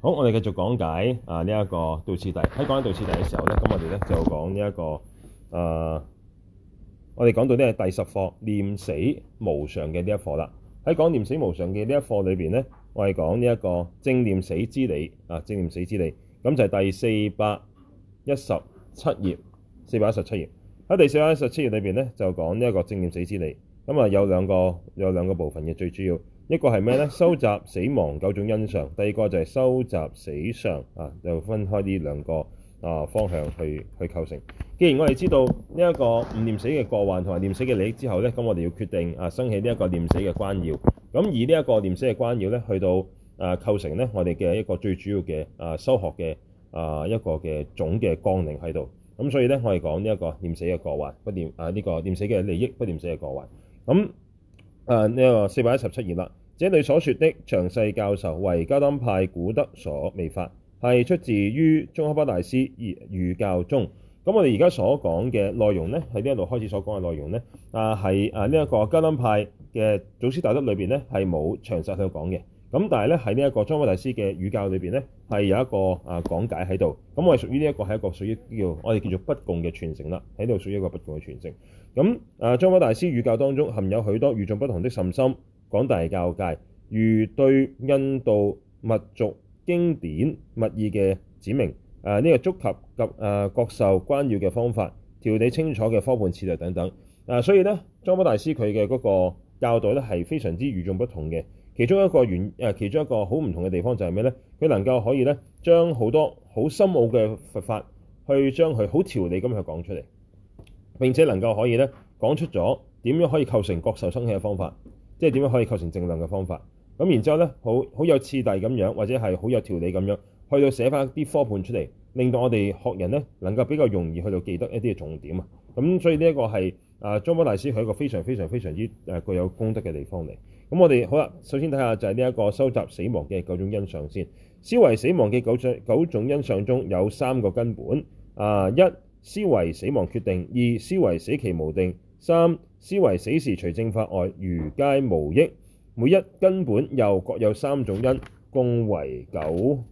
好，我哋繼續講解啊呢一、這個道次第。喺講道次第嘅時候咧，咁我哋咧就講呢、這、一個誒、啊，我哋講到呢係第十課念死無常嘅呢一課啦。喺講念死無常嘅呢一課裏邊咧，我哋講呢一個正念死之理啊，正念死之理。咁就係第四百一十七頁，四百一十七頁，喺第四百一十七頁裏邊咧，就講呢一個正念死之理。咁啊有兩個有兩個部分嘅最主要。一個係咩咧？收集死亡九種因相，第二個就係收集死相啊，就分開呢兩個啊方向去去構成。既然我哋知道呢一個唔念死嘅過患同埋念死嘅利益之後咧，咁我哋要決定啊生起呢一個念死嘅關要。咁以呢一個念死嘅關要咧，去到啊構成咧我哋嘅一個最主要嘅啊修學嘅啊一個嘅總嘅綱領喺度。咁所以咧我哋講呢一個念死嘅過患，不念啊呢個念死嘅利益，不念死嘅過患。咁啊呢個四百一十七頁啦。.這裏所說的詳細教授為噶當派古德所未發，係出自於宗喀巴大師語語教中。咁我哋而家所講嘅內容咧，喺呢度開始所講嘅內容咧，啊係啊呢一個噶當派嘅祖師大德裏邊咧係冇詳細去講嘅。咁但係咧喺呢一個宗喀巴大師嘅語教裏邊咧係有一個啊講解喺度。咁我哋屬於呢一個係一個屬於叫我哋叫做不共嘅傳承啦，喺度屬於一個不共嘅傳承。咁啊宗喀巴大師語教當中，含有許多與眾不同的甚深，廣大教誡如對印度密續經典密意嘅指明，誒、啊、呢、這個觸及及誒、呃、覺受關要嘅方法，條理清楚嘅科判次第等等。誒、啊，所以咧宗喀巴大師佢嘅嗰個教導咧係非常之與眾不同嘅。其中一個原誒、呃，其中一個好唔同嘅地方就係咩咧？佢能夠可以咧將好多好深奧嘅佛法去將佢好條理咁去講出嚟，並且能夠可以咧講出咗點樣可以構成覺受生起嘅方法。即係點樣可以構成正能量嘅方法？咁然之後咧，好好有次第咁樣，或者係好有條理咁樣，去到寫翻啲科判出嚟，令到我哋學人咧能夠比較容易去到記得一啲嘅重點啊！咁所以呢一個係啊宗喀巴大師係一個非常非常非常之誒具有功德嘅地方嚟。咁我哋好啦，首先睇下就係呢一個收集死亡嘅九種因相先。思維死亡嘅九種九種因相中有三個根本啊：一、思維死亡決定；二、思維死期無定；三，思惟死時，除正法外，餘皆無益。每一根本又各有三種因，共為九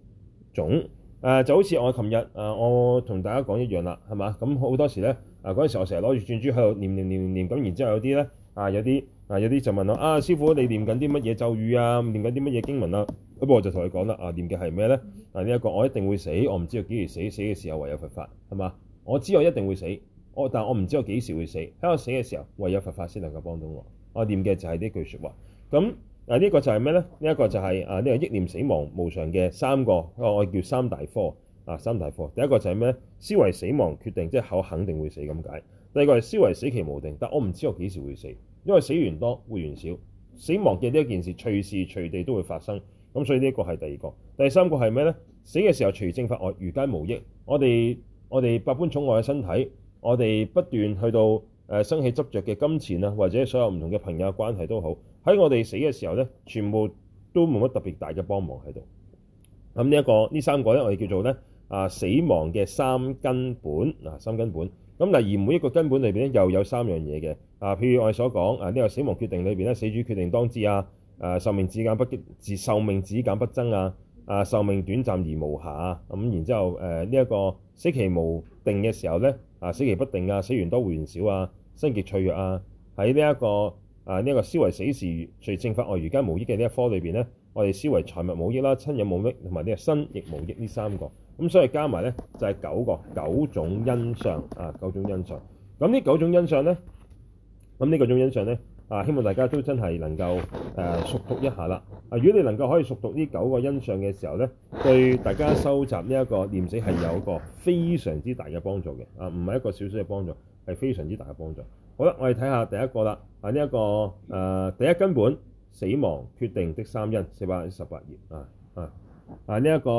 種。誒、呃、就好似我琴日誒，我同大家講一樣啦，係嘛？咁好多時咧，嗱嗰陣時我成日攞住轉珠喺度念念，念念念念，咁然之後有啲咧啊，有啲啊有啲就問我啊，師傅你念緊啲乜嘢咒語啊？念緊啲乜嘢經文啊？不過我就同你講啦，啊唸嘅係咩咧？嗱呢一、啊這個我一定會死，我唔知道幾時死，死嘅時候唯有佛法係嘛？我知我一定會死。我但我唔知道我幾時會死。喺我死嘅時候，唯有佛法先能夠幫到我。我念嘅就係呢句說話咁。誒呢一個就係咩呢？呢、這、一個就係、是、啊呢、這個憶念死亡無常嘅三個、啊，我叫三大科啊。三大科第一個就係咩？思維死亡決定，即係後肯定會死咁解。第二個係思維死期無定，但我唔知道我幾時會死，因為死緣多活緣少。死亡嘅呢一件事隨時隨地都會發生，咁所以呢一個係第二個。第三個係咩呢？死嘅時候除正法外，餘皆無益。我哋我哋百般寵，寵愛嘅身體。我哋不斷去到誒、呃、生起執着嘅金錢啊，或者所有唔同嘅朋友關係都好喺我哋死嘅時候咧，全部都冇乜特別大嘅幫忙喺度。咁呢一個呢三個咧，我哋叫做咧啊死亡嘅三根本啊三根本咁嗱，而每一個根本裏邊咧又有三樣嘢嘅啊，譬如我哋所講啊呢、這個死亡決定裏邊咧，死主決定當至啊，誒壽命只減不結，壽命只減不增啊，啊壽命短暫而無暇咁，然之後誒呢一個死期無定嘅時候咧。啊，死期不定啊，死緣多活緣少、這個、啊，身極脆弱啊，喺呢一個啊呢一個思維死時除正法外，餘皆無益嘅呢一科裏邊咧，我哋思維財物無益啦，親友無益，同埋呢個身亦無益呢三個，咁所以加埋咧就係、是、九個九種因相。啊，九種因相。咁呢九種因相咧，咁呢九種因相咧。啊！希望大家都真係能夠誒、呃、熟讀一下啦。啊，如果你能夠可以熟讀呢九個因相嘅時候呢，對大家收集呢一個念死係有一個非常之大嘅幫助嘅。啊，唔係一個小小嘅幫助，係非常之大嘅幫助。好啦，我哋睇下第一個啦。啊，呢、這、一個誒、呃、第一根本死亡決定的三因四百一十八頁。啊啊！啊，啊啊這個、呢一個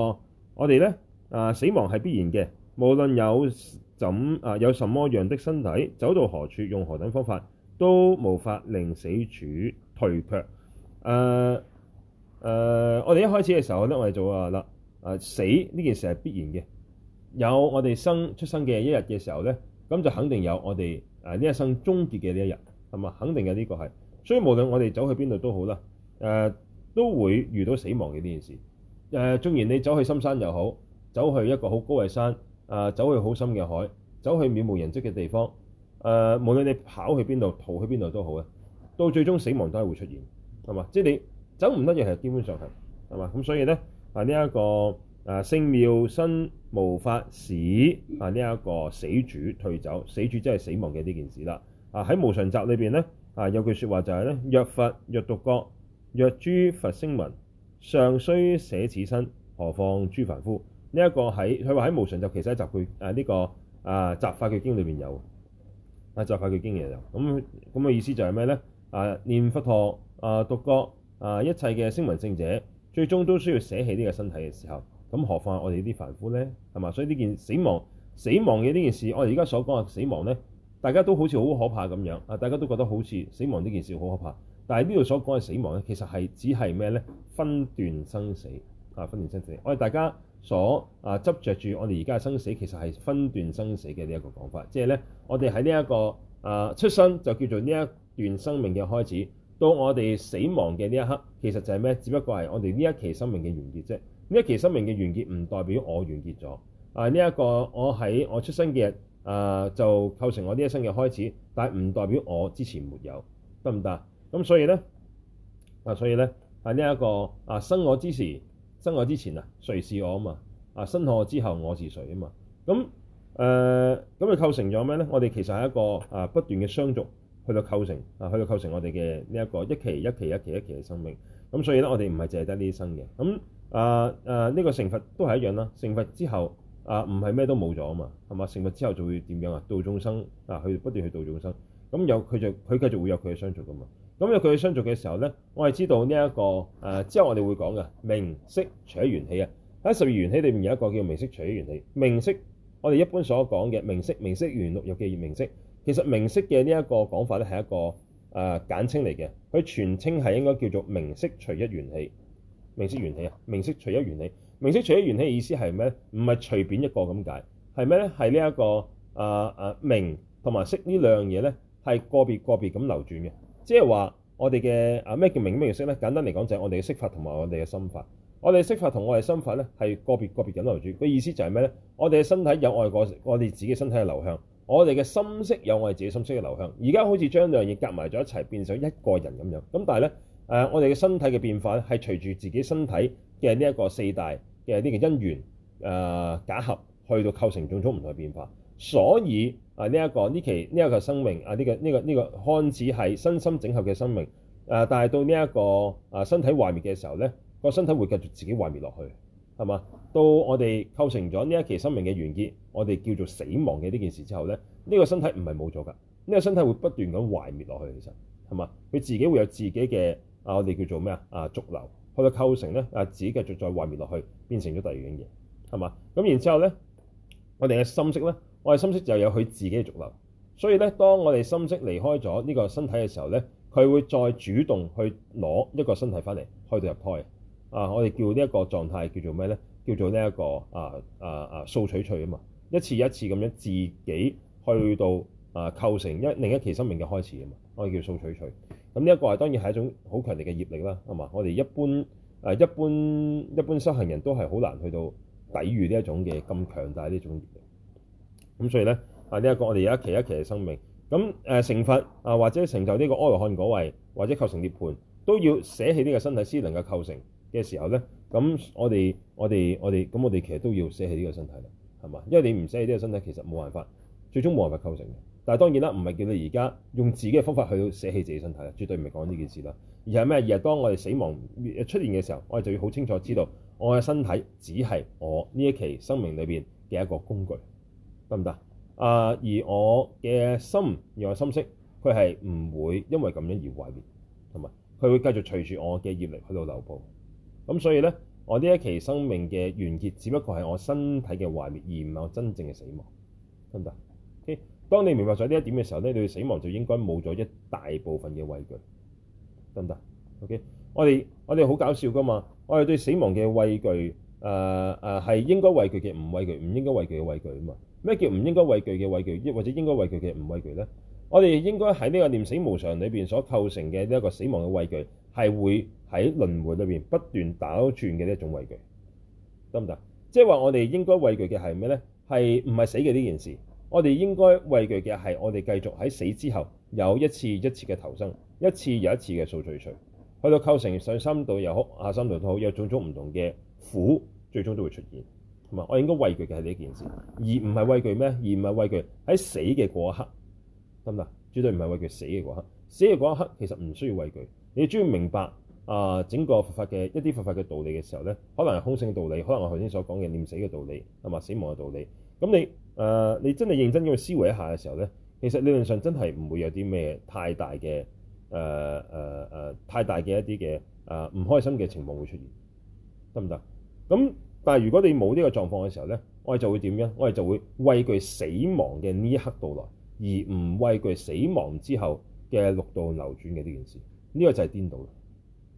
我哋呢啊，死亡係必然嘅，無論有怎啊、呃、有什麼樣的身體走到何處用何等方法，都無法令死主退卻。誒誒、呃呃，我哋一開始嘅時候，我哋就話啦，誒、呃、死呢件事係必然嘅。有我哋生出生嘅一日嘅時候咧，咁就肯定有我哋誒呢一生終結嘅呢一日，同埋肯定有呢、這個係。所以無論我哋走去邊度都好啦，誒、呃、都會遇到死亡嘅呢件事。誒、呃、縱然你走去深山又好，走去一個好高嘅山，誒、呃、走去好深嘅海，走去渺無人跡嘅地方。誒，無論你跑去邊度、逃去邊度都好嘅，到最終死亡都係會出現，係嘛？即係你走唔得嘅，係基本上係係嘛咁。所以咧、這個、啊，呢一個啊勝妙身無法使啊，呢、這、一個死主退走，死主即係死亡嘅呢件事啦。啊喺無常集裏邊咧啊，有句説話就係咧，若佛若獨覺，若諸佛聲聞，尚須捨此身，何況諸凡夫？呢、這、一個喺佢話喺無常集，其實喺集句誒呢個啊，啊，啊，啊，啊集法嘅經裏邊有。啊！就快、是、佢經嘢嚟，咁咁嘅意思就係咩咧？啊，念佛陀啊，獨覺啊，一切嘅聲聞聖者，最終都需要捨棄呢個身體嘅時候，咁、啊、何況我哋呢啲凡夫咧，係嘛？所以呢件死亡、死亡嘅呢件事，我哋而家所講嘅死亡咧，大家都好似好可怕咁樣啊！大家都覺得好似死亡呢件事好可怕，但係呢度所講嘅死亡咧，其實係只係咩咧？分段生死啊，分段生死。我哋大家。所啊執著住我哋而家嘅生死，其實係分段生死嘅呢一個講法。即係呢，我哋喺呢一個啊、呃、出生就叫做呢一段生命嘅開始，到我哋死亡嘅呢一刻，其實就係咩？只不過係我哋呢一期生命嘅完結啫。呢一期生命嘅完結唔代表我完結咗。啊、呃，呢、這、一個我喺我出生嘅日啊，就構成我呢一生嘅開始，但係唔代表我之前沒有，得唔得？咁、嗯、所以呢，啊，所以呢，喺、啊、呢一個啊生我之時。生我之前啊，誰是我啊嘛？啊，生我之後我是誰啊嘛？咁誒，咁、呃、佢構成咗咩咧？我哋其實係一個啊不斷嘅相續，去到構成啊，去到構成我哋嘅呢一個一期一期一期一期嘅生命。咁所以咧，我哋唔係淨係得呢啲生嘅。咁啊啊，呢、啊呢個成佛都係一樣啦。成佛之後啊，唔係咩都冇咗啊嘛，係嘛？成佛之後就會點樣啊？度眾生啊，去不斷去度眾生。咁有佢就佢繼續會有佢嘅相續㗎嘛。咁有佢相續嘅時候呢，我係知道呢一個誒。之後我哋會講嘅名色除一緣起啊，喺十二緣起裏面有一個叫名色除一緣起。名色我哋一般所講嘅名色，名色元六有幾頁名色？其實名色嘅呢一個講法呢，係一個誒簡稱嚟嘅。佢全稱係應該叫做名色除一緣起。名色緣起啊，名色除一緣起。名色除一緣起嘅意思係咩咧？唔係隨便一個咁解係咩咧？係呢一個誒誒名同埋色呢兩樣嘢呢，係個別個別咁流轉嘅。即係話我哋嘅，啊，咩叫名，咩叫色咧？簡單嚟講就係我哋嘅色法同埋我哋嘅心法。我哋嘅色法同我哋心法咧，係個別個別咁流轉。個意思就係咩咧？我哋嘅身體有愛過我哋我哋自己身體嘅流向，我哋嘅心識有我哋自己心識嘅流向。而家好似將兩樣嘢夾埋咗一齊，變成一個人咁樣。咁但係咧誒，我哋嘅身體嘅變化咧，係隨住自己身體嘅呢一個四大嘅呢、呢個因緣誒、呃、假合去到構成種種唔同嘅變化。所以啊，呢一個呢期呢一、這個生命啊，呢、這個呢、這個呢、這個看似係身心整合嘅生命啊，但係到呢、這、一個啊身體壞滅嘅時候，呢個身體會繼續自己壞滅落去，係嘛？到我哋構成咗呢一期生命嘅完結，我哋叫做死亡嘅呢件事之後咧，呢、這個身體唔係冇咗㗎，呢、這個身體會不斷咁壞滅落去。其實係嘛？佢自己會有自己嘅啊，我哋叫做咩啊？啊逐流去到構成呢，啊，自己繼續再壞滅落去，變成咗第二樣嘢係嘛？咁然之後，後，後呢，我哋嘅心識，息呢。我哋心識就有佢自己嘅續流，所以咧，當我哋心識離開咗呢個身體嘅時候咧，佢會再主動去攞一個身體翻嚟開到入胎啊！我哋叫呢一個狀態叫做咩咧？叫做呢、這、一個啊啊啊數取趣啊嘛！一次一次咁樣自己去到啊構成一另一期生命嘅開始啊嘛，我哋叫數取趣。咁呢一個係當然係一種好強烈嘅業力啦，係嘛？我哋一般誒、啊、一般一般修行人都係好難去到抵禦呢一種嘅咁強大呢種業力。咁所以咧啊，呢一個我哋有一期一期嘅生命咁誒、呃、成佛啊，或者成就呢個阿羅漢果位，或者構成涅槃，都要捨棄呢個身體先能夠構成嘅時候咧。咁我哋我哋我哋咁，我哋其實都要捨棄呢個身體啦，係嘛？因為你唔捨棄呢個身體，其實冇辦法最終冇辦法構成嘅。但係當然啦，唔係叫你而家用自己嘅方法去捨棄自己身體啊，絕對唔係講呢件事啦。而係咩？而係當我哋死亡出現嘅時候，我哋就要好清楚知道我嘅身體只係我呢一期生命裏邊嘅一個工具。得唔得啊？而我嘅心，而我心識，佢係唔會因為咁樣而壞滅，同埋佢會繼續隨住我嘅業力去到流布。咁、嗯、所以呢，我呢一期生命嘅完結，只不過係我身體嘅壞滅，而唔係我真正嘅死亡，得唔得？O K，當你明白咗呢一點嘅時候咧，你對死亡就應該冇咗一大部分嘅畏懼，得唔得？O K，我哋我哋好搞笑噶嘛，我哋對死亡嘅畏懼，誒誒係應該畏懼嘅，唔畏懼，唔應該畏懼嘅畏懼啊嘛。咩叫唔應該畏懼嘅畏懼，亦或者應該畏懼嘅唔畏懼呢？我哋應該喺呢個念死無常裏邊所構成嘅呢一個死亡嘅畏懼，係會喺輪迴裏邊不斷打轉嘅一種畏懼，得唔得？即係話我哋應該畏懼嘅係咩呢？係唔係死嘅呢件事？我哋應該畏懼嘅係我哋繼續喺死之後有一次一次嘅投生，一次又一次嘅受罪罪，去到構成上三道又好下三道又好，有種種唔同嘅苦，最終都會出現。同埋，我應該畏懼嘅係呢件事，而唔係畏懼咩？而唔係畏懼喺死嘅嗰一刻，得唔得？絕對唔係畏懼死嘅嗰一刻，死嘅嗰一刻其實唔需要畏懼。你只要明白啊、呃，整個佛法嘅一啲佛法嘅道理嘅時候咧，可能係空性嘅道理，可能我頭先所講嘅念死嘅道理，啊嘛死亡嘅道理。咁你誒、呃，你真係認真咁去思維一下嘅時候咧，其實理論上真係唔會有啲咩太大嘅誒誒誒，太大嘅一啲嘅啊唔開心嘅情況會出現，得唔得？咁但係，如果你冇呢個狀況嘅時候咧，我哋就會點樣？我哋就會畏懼死亡嘅呢一刻到來，而唔畏懼死亡之後嘅六道流轉嘅呢件事。呢個就係顛倒啦，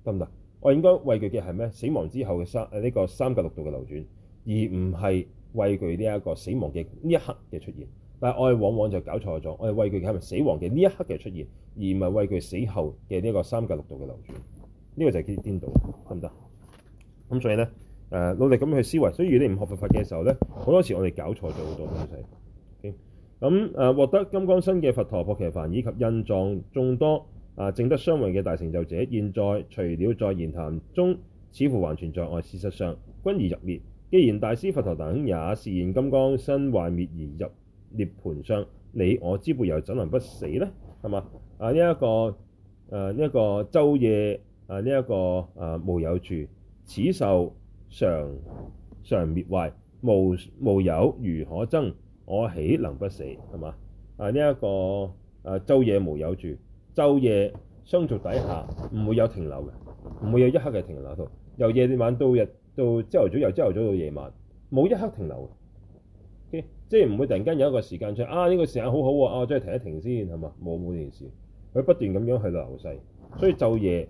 得唔得？我應該畏懼嘅係咩？死亡之後嘅三誒呢個三界六道嘅流轉，而唔係畏懼呢一個死亡嘅呢一刻嘅出現。但係我哋往往就搞錯咗，我哋畏懼嘅係咪死亡嘅呢一刻嘅出現，而唔係畏懼死後嘅呢個三界六道嘅流轉。呢個就係啲顛倒，得唔得？咁、嗯、所以咧。誒努力咁去思維，所以如果你唔學佛法嘅時候呢，好多時我哋搞錯咗好多東西。咁、okay? 誒、嗯、獲得金剛身嘅佛陀、薄伽梵以及印藏眾多啊證得雙運嘅大成就者，現在除了在言談中似乎還存在外，事實上均已入滅。既然大師佛陀等也示現金剛身壞滅而入涅槃相，你我之輩又怎能不死呢？係嘛？啊呢一、這個誒呢一個晝夜啊呢一、這個啊，這個啊，這個、啊無有住此受。常常滅壞，無無有，如可增。我豈能不死，係嘛？啊呢一、這個啊，晝夜無有住，晝夜相續底下唔會有停留嘅，唔會有一刻嘅停留。度由夜晚到日，到朝頭早，由朝頭早到夜晚，冇一刻停留嘅。Okay? 即係唔會突然間有一個時間長啊！呢、這個時間好好、啊、喎，啊，我再停一停先，係嘛？冇冇呢件事，佢不斷咁樣去到流逝，所以晝夜。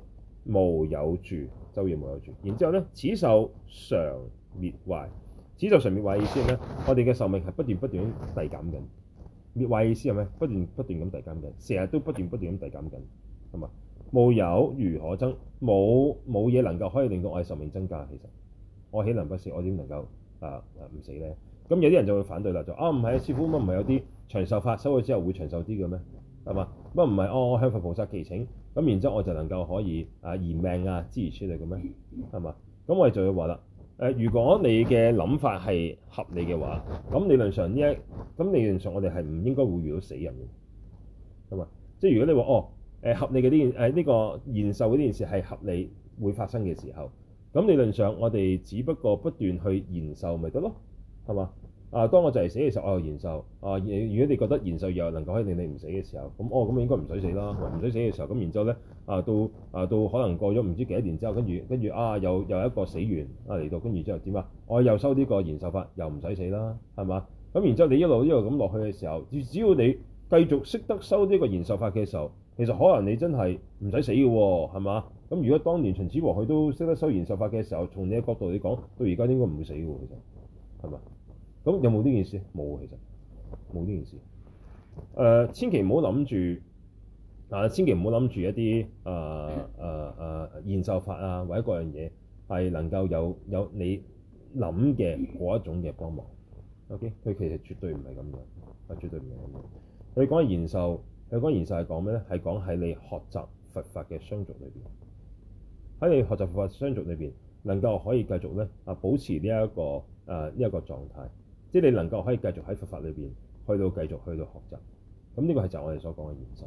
無有住，晝夜無有住。然之後咧，此壽常滅壞。此壽常滅壞意思係咩？我哋嘅壽命係不斷不斷咁遞減緊。滅壞意思係咩？不斷不斷咁遞減緊，成日都不斷不斷咁遞減緊，係嘛？無有如何增？冇冇嘢能夠可以令到我嘅壽命增加。其實我豈能不死？我點能夠啊唔死咧？咁有啲人就會反對啦，就啊唔係啊師父，乜唔係有啲長壽法修咗之後會長壽啲嘅咩？係嘛？乜唔係？哦、啊，我向佛菩薩祈請。咁然之後我就能夠可以啊延命啊，支援出嚟嘅咩？係嘛？咁我哋就要話啦。誒、呃，如果你嘅諗法係合理嘅話，咁理論上呢一咁理論上我哋係唔應該會遇到死人嘅，係嘛？即係如果你話哦，誒、呃、合理嘅呢件誒呢、呃這個延壽呢件事係合理會發生嘅時候，咁理論上我哋只不過不斷去延壽咪得咯，係嘛？啊！當我就係死嘅時候，我又延壽。啊！如果你覺得延壽又能夠可以令你唔死嘅時候，咁、嗯、哦咁應該唔使死啦。唔使死嘅時候，咁然之後咧啊，到啊到可能過咗唔知幾多年之後，跟住跟住啊又又一個死完啊嚟到，跟、啊、住之後點啊？我又收呢個延壽法，又唔使死啦，係嘛？咁然之後你一路一路咁落去嘅時候，只要你繼續識得收呢個延壽法嘅時候，其實可能你真係唔使死嘅喎，係嘛？咁如果當年秦始皇佢都識得收延壽法嘅時候，從你嘅角度嚟講，到而家應該唔會死嘅，其實係咪？咁有冇呢件事？冇，其實冇呢件事。誒、呃，千祈唔好諗住，啊、呃，千祈唔好諗住一啲誒誒誒延壽法啊，或者各樣嘢係能夠有有你諗嘅嗰一種嘅幫忙。OK，佢其實絕對唔係咁樣，啊，絕對唔係咁樣。我哋講延壽，佢哋講延壽係講咩咧？係講喺你學習佛法嘅相續裏邊，喺你學習佛法相續裏邊，能夠可以繼續咧啊，保持呢一個誒呢一個狀態。即係你能夠可以繼續喺佛法裏邊，去到繼續去到學習，咁呢個係就我哋所講嘅延壽。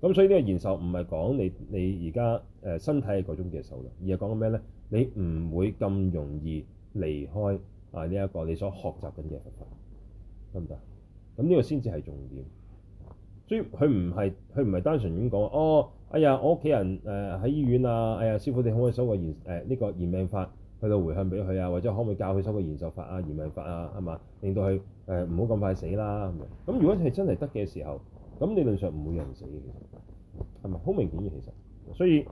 咁所以呢個延壽唔係講你你而家誒身體係嗰種嘅壽命，而係講咩咧？你唔會咁容易離開啊！呢一個你所學習緊嘅佛法得唔得？咁呢個先至係重點。所以佢唔係，佢唔係單純咁講哦。哎呀，我屋企人誒喺醫院啊！哎呀，師傅你可唔可以收個延誒呢個延命法？去到回向俾佢啊，或者可唔可以教佢修個延壽法啊、延命法啊，係嘛？令到佢誒唔好咁快死啦。咁如果係真係得嘅時候，咁理論上唔會有人死嘅，其實係咪？好明顯嘅，其實。所以，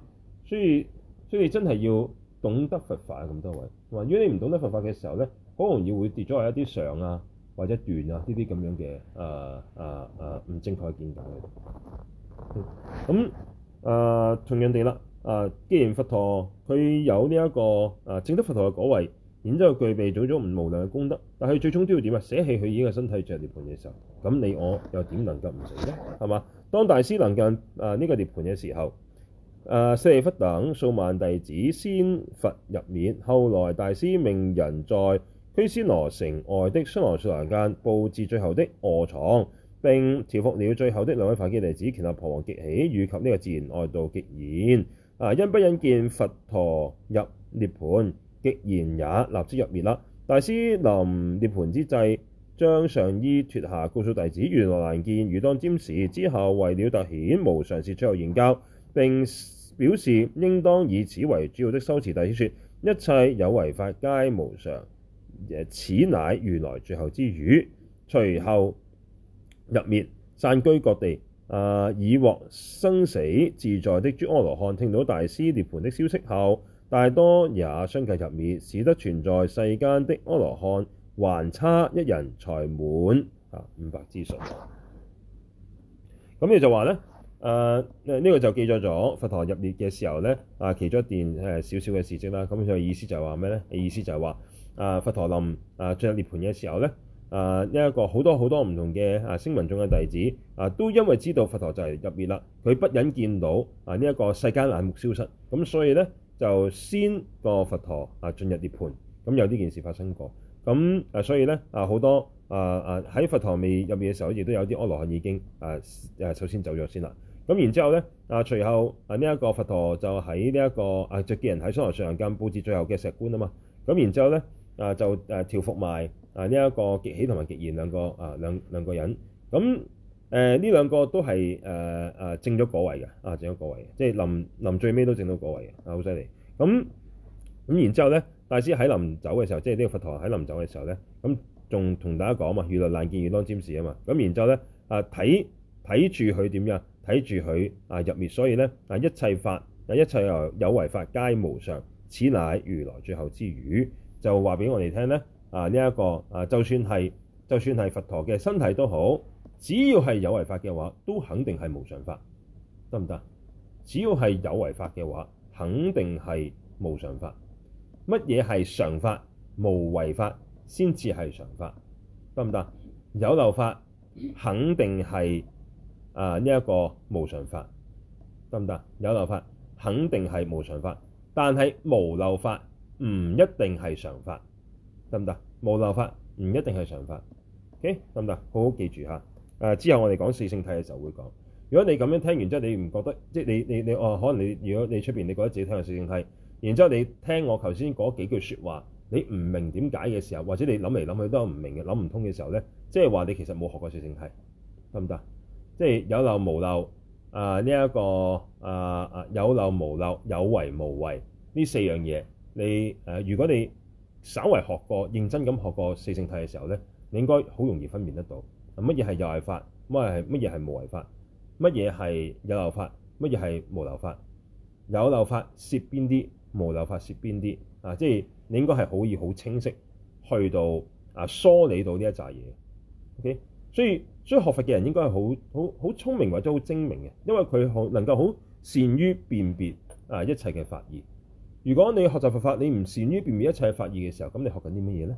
所以，所以真係要懂得佛法咁多位。如果你唔懂得佛法嘅時候咧，好容易會跌咗喺一啲常啊，或者斷啊，呢啲咁樣嘅誒誒誒唔正確嘅見解。嗯。咁誒、呃，同樣地啦。啊！既然佛陀佢有呢、這、一個啊正德佛陀嘅果位，然之後具備到咗五無量嘅功德，但係最終都要點啊？捨棄佢已經嘅身體着涅盤嘅時候，咁你我又點能夠唔死呢？係嘛？當大師能夠啊呢、這個涅盤嘅時候，啊舍利弗等數萬弟子先佛入滅，後來大師命人在拘屍羅城外的雙婆羅樹林間佈置最後的卧床，並調伏了最後的兩位化機弟子，乾達婆王極喜以及呢個自然外道極賢。啊！因不忍見佛陀入涅盤，極賢也立即入滅啦。大師臨涅盤之際，將上衣脫下，告訴弟子：如來難見，現當瞻視之後，為了特顯無常是最後言教，並表示應當以此為主要的修持。大師說：一切有為法皆無常，此乃如來最後之語。隨後入滅，散居各地。呃、以已獲生死自在的諸阿羅漢，聽到大師涅槃的消息後，大多也相繼入滅，使得存在世間的阿羅漢還差一人才滿五百之數。咁你就話呢？啊，呢、嗯呃這個就記載咗佛陀入涅嘅時候呢，啊、呃，其中一段誒少少嘅事蹟啦。咁佢嘅意思就係話咩呢？意思就係話、呃、佛陀臨啊進入涅槃嘅時候呢。啊！呢一個好多好多唔同嘅啊星雲眾嘅弟子啊，都因為知道佛陀就係入滅啦，佢不忍見到啊呢一、這個世間眼目消失，咁、啊、所以咧就先個佛陀啊進入涅槃，咁、啊、有呢件事發生過，咁啊所以咧啊好多啊啊喺佛陀未入滅嘅時候，亦都有啲阿羅漢已經啊啊首先走咗先啦，咁然之後咧啊隨後啊呢一、這個佛陀就喺呢一個啊著見人喺娑羅樹間佈置最後嘅石棺啊嘛，咁然之後咧。啊！就誒調伏埋啊呢一個極喜同埋極賢兩個啊，兩兩個人咁誒呢兩個都係誒誒證咗果位嘅，啊證咗果位嘅，即係臨臨最尾都證咗果位嘅，啊好犀利咁咁。然之後咧，大師喺臨走嘅時候，即係呢個佛陀喺臨走嘅時候咧，咁仲同大家講嘛，如來難見，現當瞻視啊嘛。咁、嗯、然之後咧啊睇睇住佢點樣睇住佢啊入滅，所以咧啊一切法啊一切啊有為法皆無常，此乃如來最後之語。就話俾我哋聽咧，啊呢一個啊，就算係就算係佛陀嘅身體都好，只要係有為法嘅話，都肯定係無常法，得唔得？只要係有為法嘅話，肯定係無常法。乜嘢係常法？無為法先至係常法，得唔得？有漏法肯定係啊呢一個無常法，得唔得？有漏法肯定係無常法，但係無漏法唔一定係常法，得唔得？無漏法唔一定係常法，OK，得唔得？好好記住嚇。誒、呃，之後我哋講四性體嘅時候會講。如果你咁樣聽完之後，你唔覺得，即係你你你哦、呃，可能你如果你出邊你覺得自己聽緊四性體，然之後你聽我頭先講幾句説話，你唔明點解嘅時候，或者你諗嚟諗去都係唔明嘅，諗唔通嘅時候咧，即係話你其實冇學過四性體，得唔得？即係有漏無漏啊！呢、呃、一、這個啊啊、呃、有漏無漏、有為無為呢四樣嘢。你誒、呃，如果你稍為學過、認真咁學過四聖諦嘅時候咧，你應該好容易分辨得到，乜嘢係有為法，乜係乜嘢係無為法，乜嘢係有漏法，乜嘢係無漏法，有漏法涉邊啲，無漏法涉邊啲，啊即係你應該係可以好清晰去到啊梳理到呢一紮嘢。OK，所以所以學佛嘅人應該係好好好聰明或者好精明嘅，因為佢好能夠好善於辨別啊一切嘅法義。如果你學習佛法，你唔善於辨別一切法義嘅時候，咁你學緊啲乜嘢咧？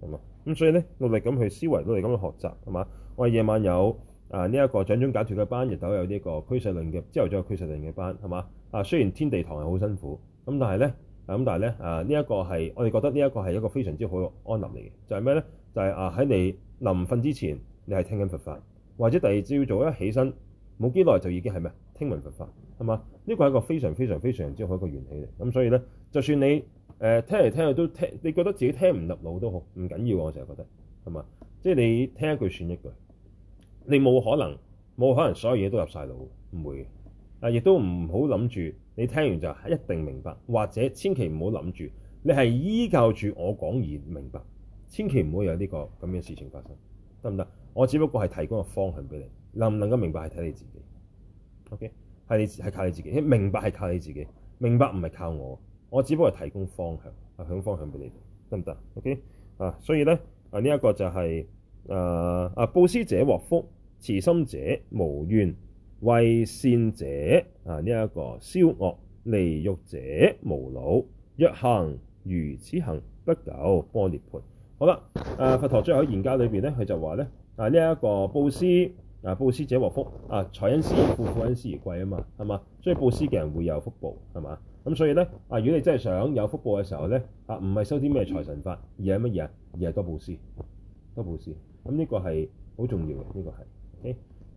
係嘛？咁所以咧，努力咁去思維，努力咁去學習，係嘛？我哋夜晚有啊呢一個掌中解脫嘅班，亦都有呢個趨勢論嘅，朝頭早有趨勢論嘅班，係嘛？啊，雖然天地堂係好辛苦，咁但係咧，啊咁但係咧，啊呢一個係我哋覺得呢一個係一個非常之好嘅安寧嚟嘅，就係咩咧？就係啊喺你臨瞓之前，你係聽緊佛法，或者第二朝早一起身冇幾耐就已經係咩？聽聞佛法係嘛？呢個係一個非常非常非常之好一個原理嚟。咁所以呢，就算你誒、呃、聽嚟聽去都聽，你覺得自己聽唔入腦都好，唔緊要。我成日覺得係嘛，即係你聽一句算一句，你冇可能冇可能所有嘢都入晒腦，唔會啊，亦都唔好諗住你聽完就一定明白，或者千祈唔好諗住你係依靠住我講而明白，千祈唔好有呢、這個咁嘅事情發生，得唔得？我只不過係提供個方向俾你，能唔能夠明白係睇你自己。O.K. 係係靠你自己，明白係靠你自己，明白唔係靠我，我只不過提供方向，提、啊、供方向俾你，得唔得？O.K. 啊，所以咧啊，呢、這、一個就係誒誒布施者獲福，慈心者無怨，為善者啊呢一、這個消惡離欲者無老，若行如此行不久，般涅槃。好啦，誒、啊、佛陀最後喺言教裏邊咧，佢就話咧啊呢一、這個布施。啊！布施者獲福啊！財因施而富，富因施而貴啊嘛，係嘛？所以布施嘅人會有福報，係嘛？咁所以咧，啊，如果你真係想有福報嘅時候咧，啊，唔係收啲咩財神法，而係乜嘢啊？而係多布施，多布施。咁、啊、呢、呢個係好重要嘅，呢個 okay? 呢個係。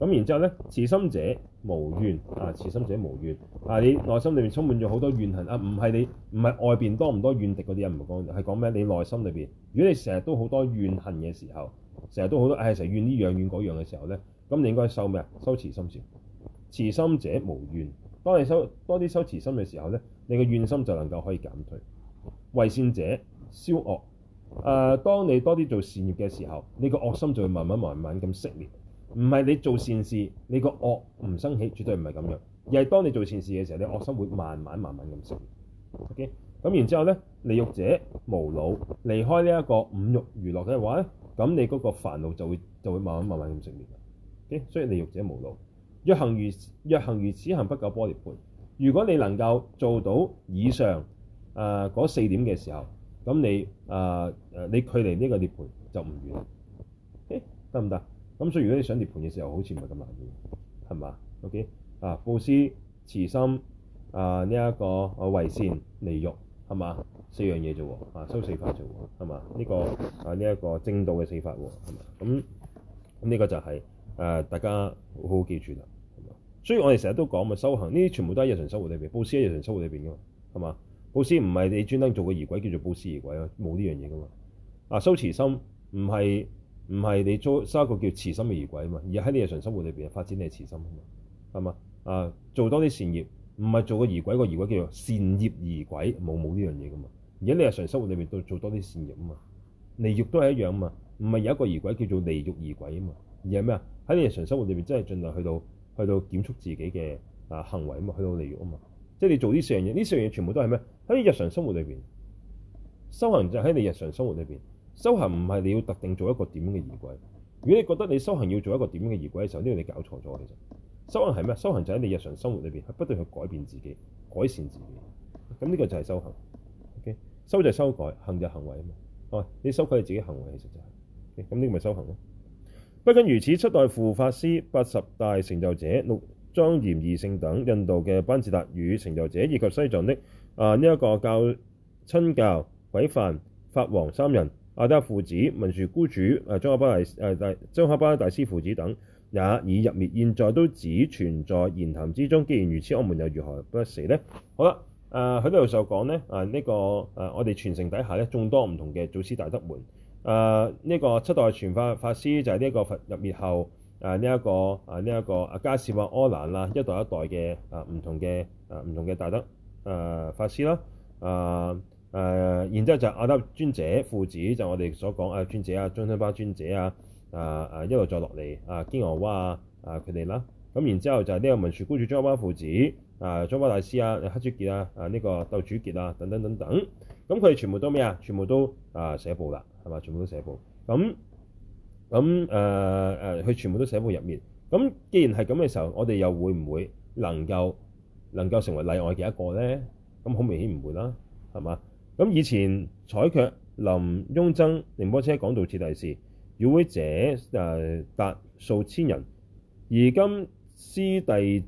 咁然之後咧，慈心者無怨啊！慈心者無怨啊！你內心裏面充滿咗好多怨恨啊！唔係你唔係外邊多唔多怨敵嗰啲人。唔係講係講咩？你內心裏邊，如果你成日都好多怨恨嘅時候，成日都好多唉，成、哎、怨呢樣怨嗰樣嘅時候咧。咁你應該收咩啊？收慈心先，慈心者無怨。當你收多啲收慈心嘅時候咧，你嘅怨心就能夠可以減退。為善者消惡。誒、呃，當你多啲做善業嘅時候，你個惡心就會慢慢慢慢咁熄滅。唔係你做善事，你個惡唔生起，絕對唔係咁樣。而係當你做善事嘅時候，你惡心會慢慢慢慢咁熄滅。O K，咁然之後咧，利欲者無惱，離開呢一個五欲娛樂嘅話咧，咁你嗰個煩惱就會就會慢慢慢慢咁熄滅，okay? 嘅，okay? 所以利欲者無路。若行如若行如此行，不夠玻璃盤。如果你能夠做到以上誒嗰、呃、四點嘅時候，咁你誒誒、呃，你距離呢個涅槃就唔遠。嘿、okay？得唔得？咁所以如果你想涅槃嘅時候，好似唔係咁難嘅，係嘛？O K 啊，布施、慈心啊，呢、呃、一、這個為善、利欲，係嘛？四樣嘢啫喎，啊，收四法啫喎，係嘛？呢、這個啊呢一、這個正道嘅四法喎，係嘛？咁咁呢個就係、是。誒、呃，大家好好記住啦，係嘛？所以我哋成日都講咪修行呢啲，全部都係日常生活裏邊。布施喺日常生活裏邊噶嘛，係嘛？布施唔係你專登做個儀軌叫做布施儀軌啊，冇呢樣嘢噶嘛。嗱，修慈心唔係唔係你做收一個叫慈心嘅儀軌啊嘛，而喺你日常生活裏邊發展你嘅慈心啊嘛，係嘛？啊，做多啲善業，唔係做個儀軌、個儀軌叫做善業儀軌，冇冇呢樣嘢噶嘛。而喺你日常生活裏邊都做多啲善業啊嘛，利慾都係一樣啊嘛，唔係有一個儀軌叫做利慾儀軌啊嘛。而係咩啊？喺你日常生活裏面，真係盡量去到去到檢束自己嘅啊行為啊嘛，去到利慾啊嘛。即係你做呢四樣嘢，呢四樣嘢全部都係咩？喺你日常生活裏面修行，就喺你日常生活裏邊修行。唔係你要特定做一個點樣嘅儀軌。如果你覺得你修行要做一個點樣嘅儀軌嘅時候，呢個你搞錯咗。其實修行係咩？修行就喺你日常生活裏邊不斷去改變自己、改善自己。咁呢個就係修行。O K. 修就修改，行就行為啊嘛。哦，你修改你自己行為，其實就係咁，呢個咪修行咯。不僅如此，七代付法師、八十大成就者、六莊嚴二勝等印度嘅班智達與成就者，以及西藏的啊呢一、這個教親教軌範法王三人，阿、啊、底父子、文殊怙主、啊宗喀巴大、誒大宗喀巴大師父子等，也已入滅。現在都只存在言談之中。既然如此，我們又如何不死呢？好啦，誒喺呢度就講咧，誒呢、啊這個誒、啊、我哋傳承底下咧眾多唔同嘅祖師大德們。誒呢、呃這個七代傳法法師就係呢個佛入滅後，誒呢一個誒呢一個阿加士亞阿蘭啦，一代一代嘅誒唔同嘅誒唔同嘅大德誒法師啦、啊，誒、呃、誒然之後就阿底峽尊者父子就是、我哋所講誒尊者啊種敦巴尊者啊一啊一路再落嚟啊堅俄哇啊佢哋啦，咁然之後就係呢個主孤主文殊怙主宗喀巴父子啊宗喀巴大師啊黑珠傑啊、這個、斗傑啊呢個道主傑啊等等等等。咁佢哋全部都咩啊？全部都啊寫報啦，係嘛？全部都寫報。咁咁誒誒，佢、嗯呃、全部都寫報入面。咁、嗯、既然係咁嘅時候，我哋又會唔會能夠能夠成為例外嘅一個咧？咁、嗯、好明顯唔會啦，係嘛？咁、嗯、以前採掘林墉曾電波車彩卻林雍增仁波切，港道設地時講道次第時，與會者誒達數千人，而今私弟師弟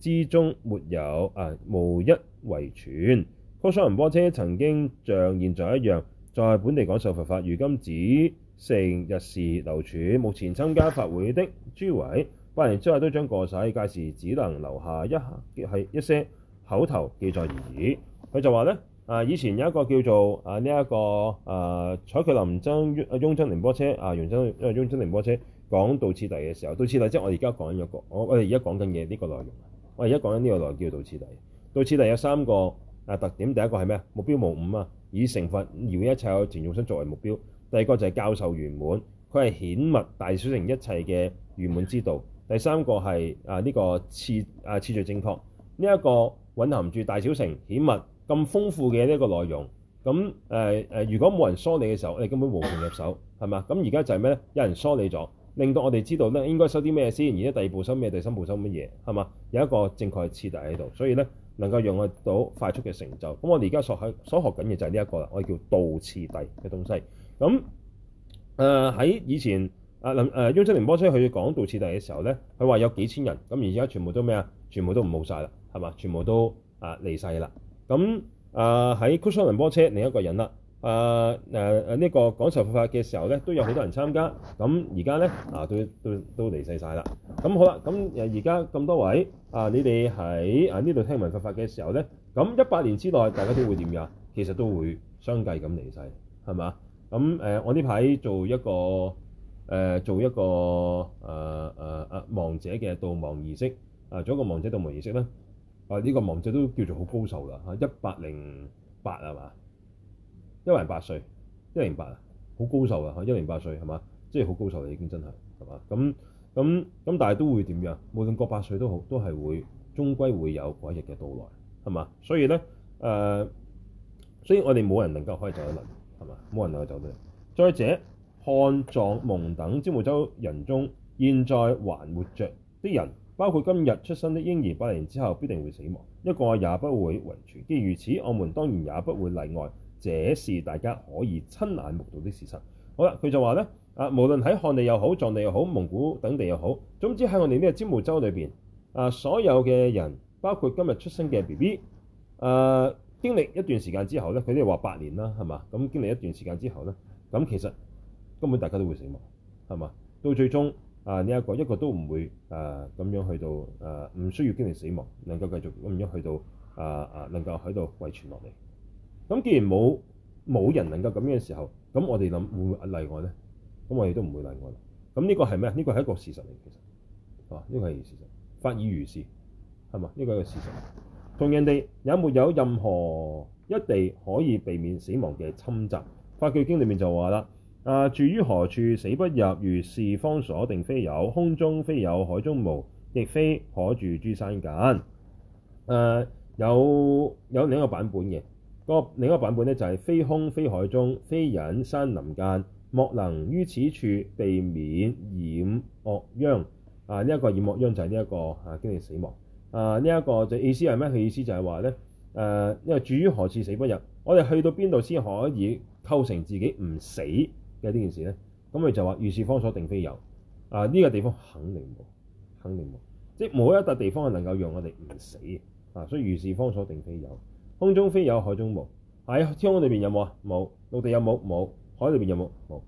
之中沒有啊，無一遺傳。波尚人波車曾經像現在一樣，在本地講授佛法。如今只剩軼事流傳。目前參加法會的諸位，百年之後都將過世，屆時只能留下一係一些口頭記載而已。佢就話咧：啊，以前有一個叫做啊呢一個啊彩卻林增雍雍增靈波車啊，雍增雍增靈波車講道次第嘅時候，道次第即係我而家講一個我我哋而家講緊嘅呢個內容。我哋而家講緊呢個內容叫做道次第。道次第有三個。啊，特點第一個係咩？目標無誤啊，以成佛、饒益一切有情眾生作為目標。第二個就係教授圓滿，佢係顯密大小乘一切嘅圓滿之道。第三個係啊呢、這個次啊次序正確。呢、這、一個蘊含住大小乘顯密咁豐富嘅呢一個內容。咁誒誒，如果冇人梳理嘅時候，你根本無從入手，係嘛？咁而家就係咩咧？有人梳理咗，令到我哋知道咧應該修啲咩先，而家第二步修咩，第三步修乜嘢，係嘛？有一個正確次第喺度，所以咧。能夠讓我到快速嘅成就，咁我哋而家所學所學緊嘅就係呢一個啦，我哋叫道次第嘅東西。咁誒喺以前啊林誒雍增仁波切去講道次第嘅時候咧，佢話有幾千人，咁而家全部都咩啊？全部都唔冇晒啦，係嘛？全部都啊、呃、離世啦。咁啊喺曲桑仁波切，另一個人啦。誒誒誒呢個講授佛法嘅時候咧，都有好多人參加。咁而家咧啊，都都都離世晒啦。咁、啊、好啦，咁誒而家咁多位啊，你哋喺啊呢度聽聞佛法嘅時候咧，咁、啊、一百年之內大家都會點樣？其實都會相繼咁離世，係嘛？咁、啊、誒，我呢排做一個誒做一個誒誒誒亡者嘅悼亡儀式，啊做一個亡者悼亡儀式咧，啊呢個亡者都叫做好高壽啦，啊一百零八係嘛？108，一零八歲，一零八啊，好高壽啊！嚇，一零八歲係嘛，即係好高壽啦，已經真係係嘛咁咁咁，但係都會點樣？無論過八歲都好，都係會終歸會有嗰一日嘅到來係嘛。所以咧誒、呃，所以我哋冇人能夠可以走得甩係嘛，冇人能夠走得。再者，漢、藏、蒙等瞻部洲人中，現在還活着啲人，包括今日出生的嬰兒，百年之後必定會死亡，一個也不會遺傳。既如此，我們當然也不會例外。這是大家可以親眼目睹的事實。好啦，佢就話咧，啊，無論喺漢地又好、藏地又好、蒙古等地又好，總之喺我哋呢個瞻部洲裏邊，啊，所有嘅人，包括今日出生嘅 B B，啊，經歷一段時間之後咧，佢哋話百年啦，係嘛？咁經歷一段時間之後咧，咁、啊、其實根本大家都會死亡，係嘛？到最終啊，呢、這、一個一個都唔會啊咁樣去到啊，唔需要經歷死亡，能夠繼續咁樣去到啊啊，能夠喺度遺傳落嚟。咁既然冇冇人能夠咁樣嘅時候，咁我哋諗會唔會例外呢？咁我哋都唔會例外。咁呢個係咩？呢個係一個事實嚟，其實呢個係事實，法爾如是，係嘛？呢個係事實。同、嗯、人哋有沒有任何一地可以避免死亡嘅侵襲？法句經裏面就話啦，啊，住於何處，死不入，如是方所，定非有，空中非有，海中無，亦非可住諸山間。誒、啊，有有另一個版本嘅。個另一個版本咧就係非空非海中，非隱山林間，莫能於此處避免染惡殃。啊，呢、這、一個染惡殃就係呢一個啊經歷死亡。啊，呢、這、一個就意思係咩？佢、這個、意思就係話咧，誒、啊，因為住於何處死不入，我哋去到邊度先可以構成自己唔死嘅呢件事咧？咁佢就話如是方所定非有。啊，呢、這個地方肯定冇，肯定冇，即係冇一笪地方係能夠讓我哋唔死啊，所以如是方所定非有。空中非有海中無，喺、哎、天空裏邊有冇啊？冇。陸地有冇？冇。海裏邊有冇？冇。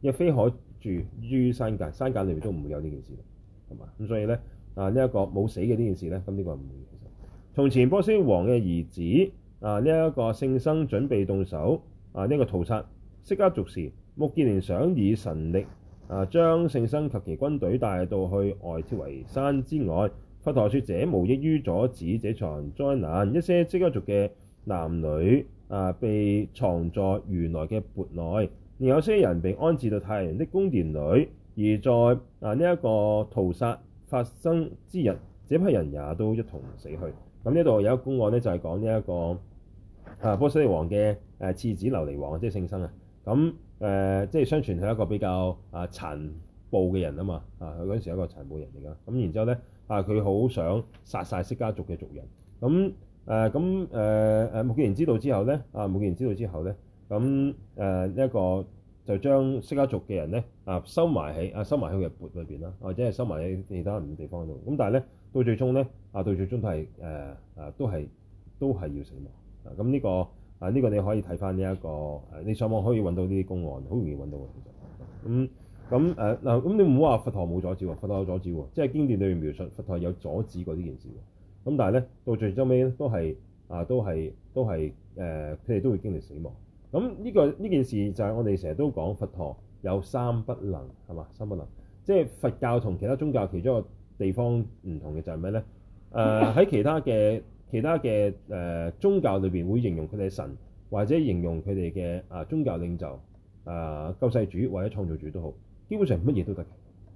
亦非可住於山間，山間裏邊都唔會有件呢、啊這個、有件事，係、嗯、嘛？咁所以咧，啊呢一個冇死嘅呢件事咧，咁呢個唔會嘅。從前波斯王嘅兒子，啊呢一、這個聖生準備動手，啊呢、這個屠殺釋迦族時，目犍連想以神力，啊將聖生及其軍隊帶到去外鐵圍山之外。佛陀說：這無益於阻止這場災難。一些釋迦族嘅男女啊，被藏在如來嘅缽內，而有些人被安置到太陽的宮殿裏。而在啊呢一、這個屠殺發生之日，這批人也都一同死去。咁呢度有一個公案咧，就係講呢一個啊波斯匿王嘅誒次子琉璃王即係聖生啊。咁、嗯、誒、呃、即係相傳係一個比較啊殘、呃、暴嘅人啊嘛啊，佢嗰陣時係一個殘暴人嚟噶。咁、啊、然之後咧。啊！佢好想殺晒釋迦族嘅族人。咁誒咁誒誒，目犍連知道之後咧、嗯嗯嗯嗯嗯，啊目犍連知道之後咧，咁誒一個就將釋迦族嘅人咧啊收埋喺啊收埋喺個缽裏邊啦，或者係收埋喺其他唔地方度。咁、嗯、但係咧到最終咧啊到最終都係誒啊都係都係要死亡。啊咁呢個啊呢、嗯這個你可以睇翻呢一個誒、啊，你上網可以揾到呢啲公案，好容易揾到嘅。咁咁誒嗱，咁、嗯、你唔好話佛陀冇阻止喎，佛陀有阻止喎，即係經典裏面描述佛陀有阻止過呢件事喎。咁但係咧，到最收尾咧都係啊、呃，都係都係誒，佢、呃、哋都會經歷死亡。咁、嗯、呢、這個呢件事就係我哋成日都講佛陀有三不能係嘛，三不能，即係佛教同其他宗教其中一個地方唔同嘅就係咩咧？誒、呃、喺其他嘅其他嘅誒、呃、宗教裏邊會形容佢哋神，或者形容佢哋嘅啊宗教領袖啊、呃、救世主或者創造主都好。基本上乜嘢都得嘅，